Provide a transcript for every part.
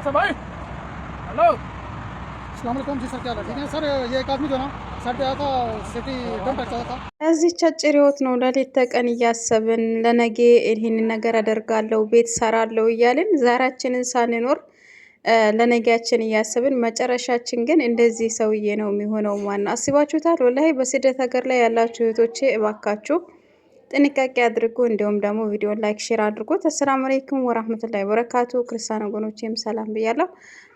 आसम भाई हेलो जी सर क्या है सर ये एक आदमी जो ना አጭር ህይወት ነው። ሌሊት ተቀን እያሰብን ለነገ ይህንን ነገር አደርጋለሁ፣ ቤት ሰራለሁ እያልን ዛሬያችንን ሳንኖር ለነገያችን እያሰብን መጨረሻችን ግን እንደዚህ ሰውዬ ነው የሚሆነው። ማና አስባችሁታል? ወላሂ በስደት ሀገር ላይ ያላችሁ እህቶቼ እባካችሁ ጥንቃቄ አድርጉ። እንዲሁም ደግሞ ቪዲዮ ላይክ፣ ሼር አድርጉት። አሰላሙ አለይኩም ወራህመቱላሂ ወበረካቱ። ክርስቲያን ወገኖቼም ሰላም ብያለሁ።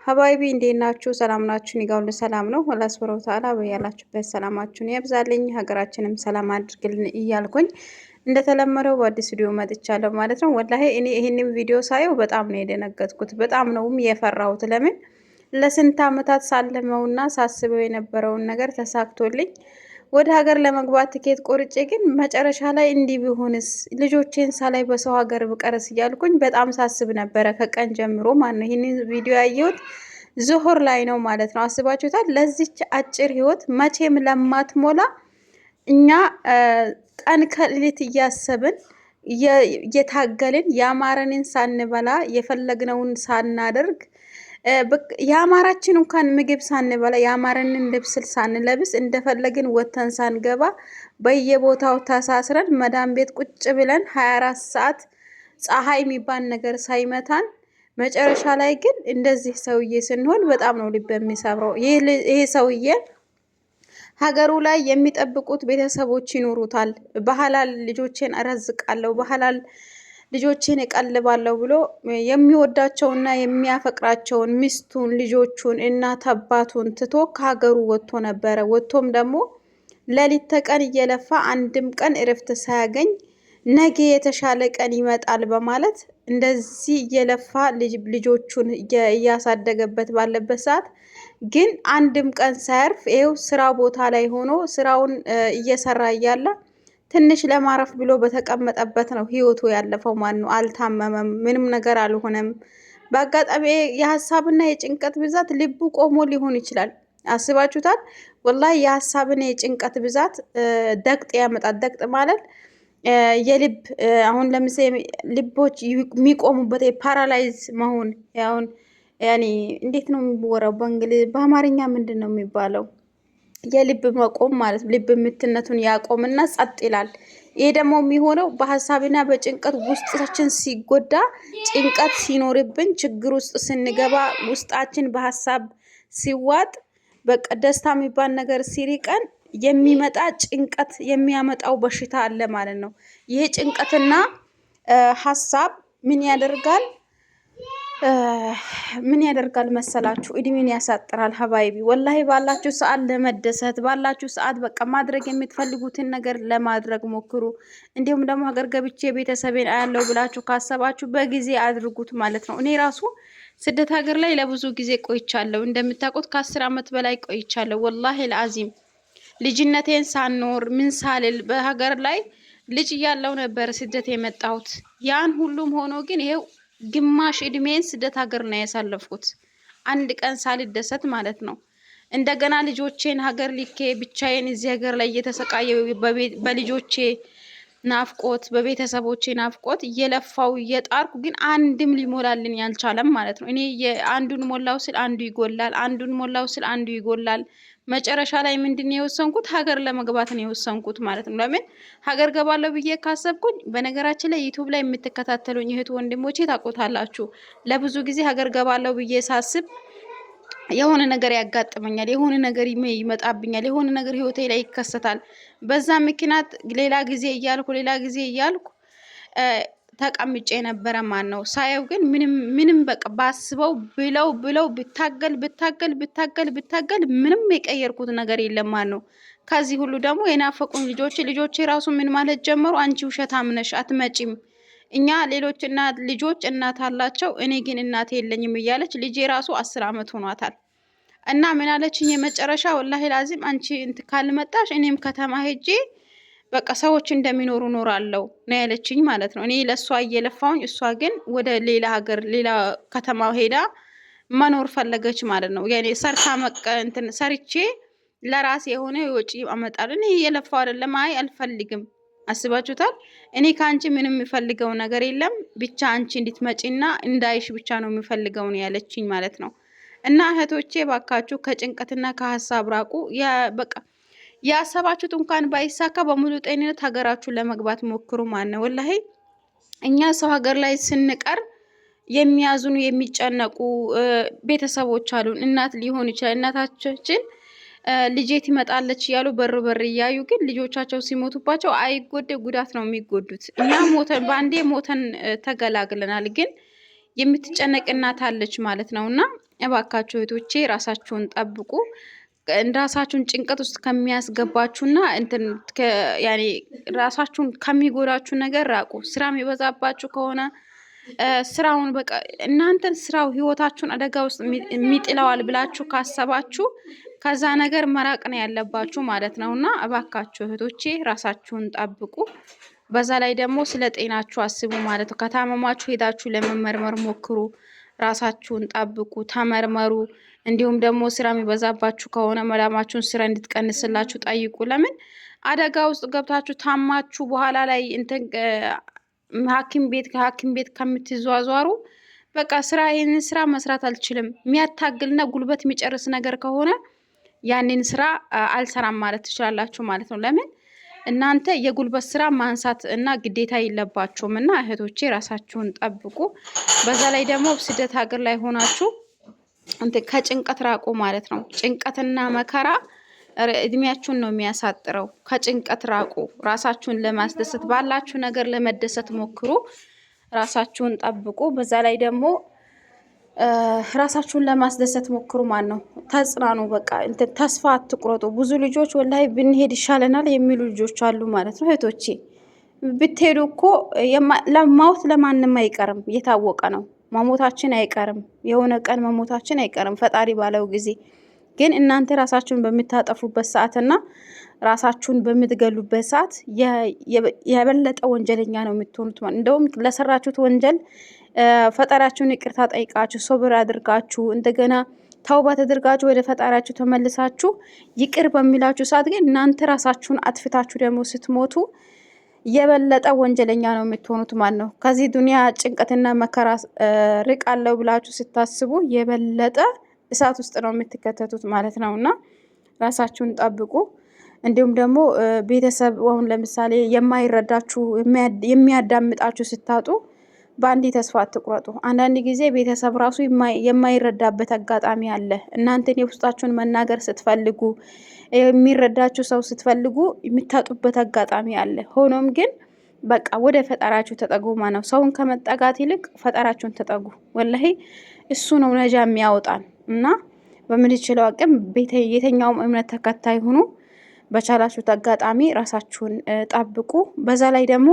ሀባይቢ እንዴት ናችሁ? ሰላም ናችሁን? ይጋውል ሰላም ነው ወላስወሮ ተዓላ በያላችሁበት ሰላማችሁን ያብዛልኝ፣ ሀገራችንም ሰላም አድርግልን እያልኩኝ እንደተለመደው በአዲስ ቪዲዮ መጥቻለሁ ማለት ነው። ወላሂ እኔ ይህንም ቪዲዮ ሳየው በጣም ነው የደነገጥኩት፣ በጣም ነውም የፈራሁት። ለምን ለስንት ዓመታት ሳለመውና ሳስበው የነበረውን ነገር ተሳክቶልኝ ወደ ሀገር ለመግባት ትኬት ቆርጬ ግን መጨረሻ ላይ እንዲህ ቢሆንስ ልጆቼን ሳላይ በሰው ሀገር ብቀርስ እያልኩኝ በጣም ሳስብ ነበረ ከቀን ጀምሮ ማን ነው። ይህንን ቪዲዮ ያየሁት ዝሆር ላይ ነው ማለት ነው። አስባችሁታል? ለዚች አጭር ህይወት መቼም ለማትሞላ እኛ ቀን ከሌት እያሰብን እየታገልን ያማረንን ሳንበላ የፈለግነውን ሳናደርግ የአማራችን እንኳን ምግብ ሳንበላ የአማረንን ልብስ ሳንለብስ እንደፈለግን ወተን ሳንገባ በየቦታው ተሳስረን መዳም ቤት ቁጭ ብለን 24 ሰዓት ፀሐይ የሚባል ነገር ሳይመታን መጨረሻ ላይ ግን እንደዚህ ሰውዬ ስንሆን በጣም ነው ልብ የሚሰብረው። ይሄ ሰውዬ ሀገሩ ላይ የሚጠብቁት ቤተሰቦች ይኖሩታል። በሐላል ልጆቼን እረዝቃለሁ በሐላል ልጆቼን እቀልባለሁ ብሎ የሚወዳቸውና የሚያፈቅራቸውን ሚስቱን፣ ልጆቹን፣ እናት አባቱን ትቶ ከሀገሩ ወጥቶ ነበረ። ወጥቶም ደግሞ ሌሊት ተቀን እየለፋ አንድም ቀን እረፍት ሳያገኝ ነገ የተሻለ ቀን ይመጣል በማለት እንደዚህ እየለፋ ልጆቹን እያሳደገበት ባለበት ሰዓት ግን አንድም ቀን ሳያርፍ ይኸው ስራ ቦታ ላይ ሆኖ ስራውን እየሰራ እያለ ትንሽ ለማረፍ ብሎ በተቀመጠበት ነው ህይወቱ ያለፈው። ማን ነው? አልታመመም፣ ምንም ነገር አልሆነም። በአጋጣሚ የሀሳብና የጭንቀት ብዛት ልቡ ቆሞ ሊሆን ይችላል። አስባችሁታል? ወላሂ የሀሳብና የጭንቀት ብዛት ደቅጥ ያመጣል። ደቅጥ ማለት የልብ አሁን ለምሳሌ ልቦች የሚቆሙበት የፓራላይዝ መሆን አሁን ያኔ እንዴት ነው የሚወራው? በእንግሊዝ በአማርኛ ምንድን ነው የሚባለው? የልብ መቆም ማለት ነው። ልብ ምትነቱን ያቆምና ጸጥ ይላል። ይሄ ደግሞ የሚሆነው በሀሳብና በጭንቀት ውስጣችን ሲጎዳ፣ ጭንቀት ሲኖርብን፣ ችግር ውስጥ ስንገባ፣ ውስጣችን በሀሳብ ሲዋጥ፣ በቃ ደስታ የሚባል ነገር ሲሪቀን የሚመጣ ጭንቀት የሚያመጣው በሽታ አለ ማለት ነው። ይሄ ጭንቀትና ሀሳብ ምን ያደርጋል? ምን ያደርጋል መሰላችሁ፣ እድሜን ያሳጥራል። ሀባይቢ ወላሂ ባላችሁ ሰዓት ለመደሰት ባላችሁ ሰዓት በቃ ማድረግ የምትፈልጉትን ነገር ለማድረግ ሞክሩ። እንዲሁም ደግሞ ሀገር ገብቼ ቤተሰቤን አያለው ብላችሁ ካሰባችሁ በጊዜ አድርጉት ማለት ነው። እኔ ራሱ ስደት ሀገር ላይ ለብዙ ጊዜ ቆይቻለሁ። እንደምታውቁት ከአስር ዓመት በላይ ቆይቻለሁ። ወላሂ ለአዚም ልጅነቴን ሳኖር ምን ሳልል በሀገር ላይ ልጅ እያለው ነበር ስደት የመጣሁት። ያን ሁሉም ሆኖ ግን ይሄው ግማሽ እድሜን ስደት ሀገር ነው ያሳለፍኩት። አንድ ቀን ሳልደሰት ማለት ነው። እንደገና ልጆቼን ሀገር ልኬ ብቻዬን እዚህ ሀገር ላይ እየተሰቃየ በልጆቼ ናፍቆት በቤተሰቦቼ ናፍቆት እየለፋው እየጣርኩ ግን አንድም ሊሞላልን ያልቻለም ማለት ነው። እኔ አንዱን ሞላው ስል አንዱ ይጎላል፣ አንዱን ሞላው ስል አንዱ ይጎላል። መጨረሻ ላይ ምንድን ነው የወሰንኩት? ሀገር ለመግባት ነው የወሰንኩት ማለት ነው። ለምን ሀገር ገባለሁ ብዬ ካሰብኩኝ፣ በነገራችን ላይ ዩቱብ ላይ የምትከታተሉኝ እህት ወንድሞቼ ታውቁታላችሁ። ለብዙ ጊዜ ሀገር ገባለሁ ብዬ ሳስብ የሆነ ነገር ያጋጥመኛል፣ የሆነ ነገር ይመጣብኛል፣ የሆነ ነገር ህይወቴ ላይ ይከሰታል። በዛ ምክንያት ሌላ ጊዜ እያልኩ ሌላ ጊዜ እያልኩ ተቀምጬ የነበረ ማን ነው ሳየው ግን ምንም በቃ ባስበው ብለው ብለው ብታገል ብታገል ብታገል ብታገል ምንም የቀየርኩት ነገር የለም። ማን ነው ከዚህ ሁሉ ደግሞ የናፈቁኝ ልጆች ልጆች የራሱ ምን ማለት ጀመሩ፣ አንቺ ውሸታም ነሽ አትመጪም እኛ ሌሎች እና ልጆች እናት አላቸው፣ እኔ ግን እናት የለኝም እያለች ልጅ የራሱ አስር አመት ሆኗታል። እና ምን አለችኝ የመጨረሻ ወላሂ ላዚም አንቺ እንትን ካልመጣሽ እኔም ከተማ ሄጄ በቃ ሰዎች እንደሚኖሩ ኖራለው ነው ያለችኝ ማለት ነው። እኔ ለእሷ እየለፋውኝ እሷ ግን ወደ ሌላ ሀገር ሌላ ከተማ ሄዳ መኖር ፈለገች ማለት ነው። ያኔ ሰርታ መቀ እንትን ሰርቼ ለራሴ የሆነ ወጪ አመጣለን። ይሄ የለፋው አይደለም፣ አይ አልፈልግም አስባችሁታል? እኔ ከአንቺ ምንም የሚፈልገው ነገር የለም ብቻ አንቺ እንድትመጪና እንዳይሽ ብቻ ነው የሚፈልገው ነው ያለችኝ ማለት ነው። እና እህቶቼ ባካችሁ ከጭንቀትና ከሀሳብ ራቁ። በቃ ያሰባችሁት እንኳን ባይሳካ በሙሉ ጤንነት ሀገራችሁን ለመግባት ሞክሩ። ማነው ወላሂ እኛ ሰው ሀገር ላይ ስንቀር የሚያዝኑ የሚጨነቁ ቤተሰቦች አሉን። እናት ሊሆን ይችላል እናታችን ልጄ ትመጣለች እያሉ በር በር እያዩ ግን ልጆቻቸው ሲሞቱባቸው አይጎደ ጉዳት ነው የሚጎዱት። እኛ ሞተን በአንዴ ሞተን ተገላግለናል፣ ግን የምትጨነቅ እናት አለች ማለት ነው። እና እባካችሁ እህቶቼ ራሳችሁን ጠብቁ። ራሳችሁን ጭንቀት ውስጥ ከሚያስገባችሁና ራሳችሁን ከሚጎዳችሁ ነገር ራቁ። ስራ የሚበዛባችሁ ከሆነ ስራውን በቃ እናንተን ስራው ህይወታችሁን አደጋ ውስጥ የሚጥለዋል ብላችሁ ካሰባችሁ ከዛ ነገር መራቅ ነው ያለባችሁ ማለት ነው። እና እባካችሁ እህቶቼ ራሳችሁን ጠብቁ። በዛ ላይ ደግሞ ስለ ጤናችሁ አስቡ ማለት ነው። ከታመማችሁ ሄዳችሁ ለመመርመር ሞክሩ። ራሳችሁን ጠብቁ፣ ተመርመሩ። እንዲሁም ደግሞ ስራ የሚበዛባችሁ ከሆነ መላማችሁን ስራ እንድትቀንስላችሁ ጠይቁ። ለምን አደጋ ውስጥ ገብታችሁ ታማችሁ በኋላ ላይ ሐኪም ቤት ከሐኪም ቤት ከምትዟዟሩ በቃ ስራ ይህንን ስራ መስራት አልችልም የሚያታግልና ጉልበት የሚጨርስ ነገር ከሆነ ያንን ስራ አልሰራም ማለት ትችላላችሁ ማለት ነው። ለምን እናንተ የጉልበት ስራ ማንሳት እና ግዴታ የለባችሁም እና እህቶቼ ራሳችሁን ጠብቁ። በዛ ላይ ደግሞ ስደት ሀገር ላይ ሆናችሁ ከጭንቀት ራቁ ማለት ነው። ጭንቀትና መከራ እድሜያችሁን ነው የሚያሳጥረው። ከጭንቀት ራቁ። ራሳችሁን ለማስደሰት ባላችሁ ነገር ለመደሰት ሞክሩ። ራሳችሁን ጠብቁ። በዛ ላይ ደግሞ ራሳችሁን ለማስደሰት ሞክሩ። ማን ነው ተጽናኑ። በቃ ተስፋ አትቁረጡ። ብዙ ልጆች ወላሂ ብንሄድ ይሻለናል የሚሉ ልጆች አሉ ማለት ነው። እህቶቼ ብትሄዱ እኮ ለማውት ለማንም አይቀርም፣ እየታወቀ ነው። መሞታችን አይቀርም፣ የሆነ ቀን መሞታችን አይቀርም ፈጣሪ ባለው ጊዜ። ግን እናንተ ራሳችሁን በምታጠፉበት ሰዓትና ራሳችሁን በምትገሉበት ሰዓት የበለጠ ወንጀለኛ ነው የምትሆኑት። እንደውም ለሰራችሁት ወንጀል ፈጣሪያችሁን ይቅርታ ጠይቃችሁ ሶብር አድርጋችሁ እንደገና ተውባ ተደርጋችሁ ወደ ፈጣሪያችሁ ተመልሳችሁ ይቅር በሚላችሁ ሰዓት ግን እናንተ ራሳችሁን አጥፍታችሁ ደግሞ ስትሞቱ የበለጠ ወንጀለኛ ነው የምትሆኑት ማለት ነው። ከዚህ ዱንያ ጭንቀትና መከራ አለው ብላችሁ ስታስቡ የበለጠ እሳት ውስጥ ነው የምትከተቱት ማለት ነው። እና ራሳችሁን ጠብቁ። እንዲሁም ደግሞ ቤተሰብ አሁን ለምሳሌ የማይረዳችሁ የሚያዳምጣችሁ ስታጡ በአንድ ተስፋ አትቁረጡ። አንዳንድ ጊዜ ቤተሰብ ራሱ የማይረዳበት አጋጣሚ አለ። እናንተን የውስጣችሁን መናገር ስትፈልጉ፣ የሚረዳችሁ ሰው ስትፈልጉ የምታጡበት አጋጣሚ አለ። ሆኖም ግን በቃ ወደ ፈጠራችሁ ተጠጉ። ማነው ሰውን ከመጠጋት ይልቅ ፈጠራችሁን ተጠጉ። ወላሂ እሱ ነው ነጃ የሚያወጣን እና በምንችለው አቅም የተኛውም እምነት ተከታይ ሁኑ። በቻላችሁት አጋጣሚ ራሳችሁን ጠብቁ። በዛ ላይ ደግሞ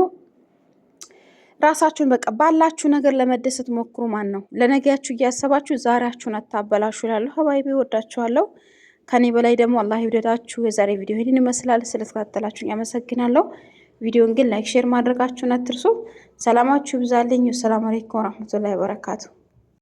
ራሳችሁን በቃ ባላችሁ ነገር ለመደሰት ሞክሩ። ማን ነው ለነገያችሁ እያሰባችሁ ዛሬያችሁን አታበላሹ። ላለሁ ሀባይቢ ወዳችኋለሁ። ከኔ በላይ ደግሞ አላህ ይውደዳችሁ። የዛሬ ቪዲዮ ይህን ይመስላል። ስለተከታተላችሁን ያመሰግናለሁ። ቪዲዮን ግን ላይክ፣ ሼር ማድረጋችሁን አትርሱ። ሰላማችሁ ይብዛልኝ። ሰላም አለይኩም ወረሕመቱላሂ ወበረካቱሁ።